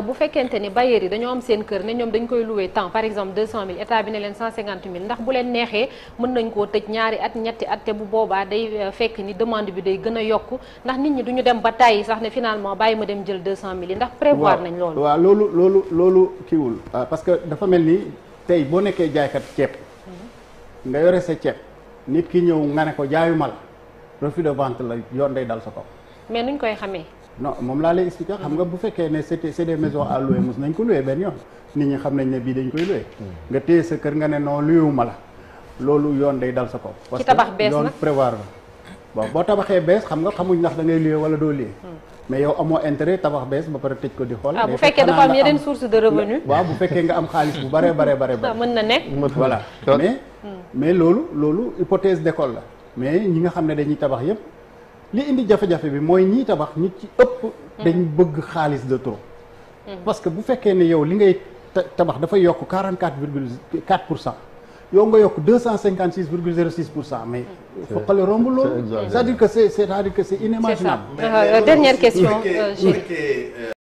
bu fekkente ni bailleurs yi dañoo am seen kër ne ñoom dañ koy louer temps par exemple 200000 état bi ne leen 150000 ndax bu leen neexee mën nañ koo tëj ñaari at ñetti at te bu boobaa day euh, fekk ni demande bi day gën a yokk ndax nit ñi duñu dem ba tàyyi sax ne finalement bàyyi ma dem jël 200000 yi ndax prévoir nañ loolu waaw loolu loolu loolu kiiwul ah, parce que dafa mel ni tey boo nekkee jaaykat ceeb mhm. nga yore sa ceeb nit ki ñëw nga ne ko jaayumal refus de vente la yoon day dal sa kaw mais nuñ koy xamee non moom laa lay expliquer xam nga bu fekkee ne c'était c'est des maisons à mos nañ ko louer benn yoon nit ñi xam nañ ne bii dañ koy louer hmm. nga téye sa kër nga ne non luyuma la loolu yoon day dal sa kaw parce que yoon prévoir la bon boo tabaxee bees xam nga xamuñ ndax da ngay louer wala doo louer hmm. mais yow amoo intérêt tabax bees ba pare tëj ko di xool ah, bu fekkee dafa am yeneen source de revenu waaw bu fekkee nga am xaalis bu bare bare bare bare ah, mën na nekk voilà mais hmm. mais loolu loolu hypothèse d'école la mais ñi xam ne dañuy tabax yëpp li indi jafe-jafe bi mooy ñii tabax ñu ci ëpp. Mm. dañ bëgg xaalis de trop. Mm. parce que bu fekkee ne yow li ngay tabax dafa yokk 44 virgule 4 pour cent yow nga yokk 256 virgule 06 pour cent mais. Mm. foqale romb loolu. c'est-à-dire que c'est c'est-à-dire que c'est inimaginable. c'est euh, euh,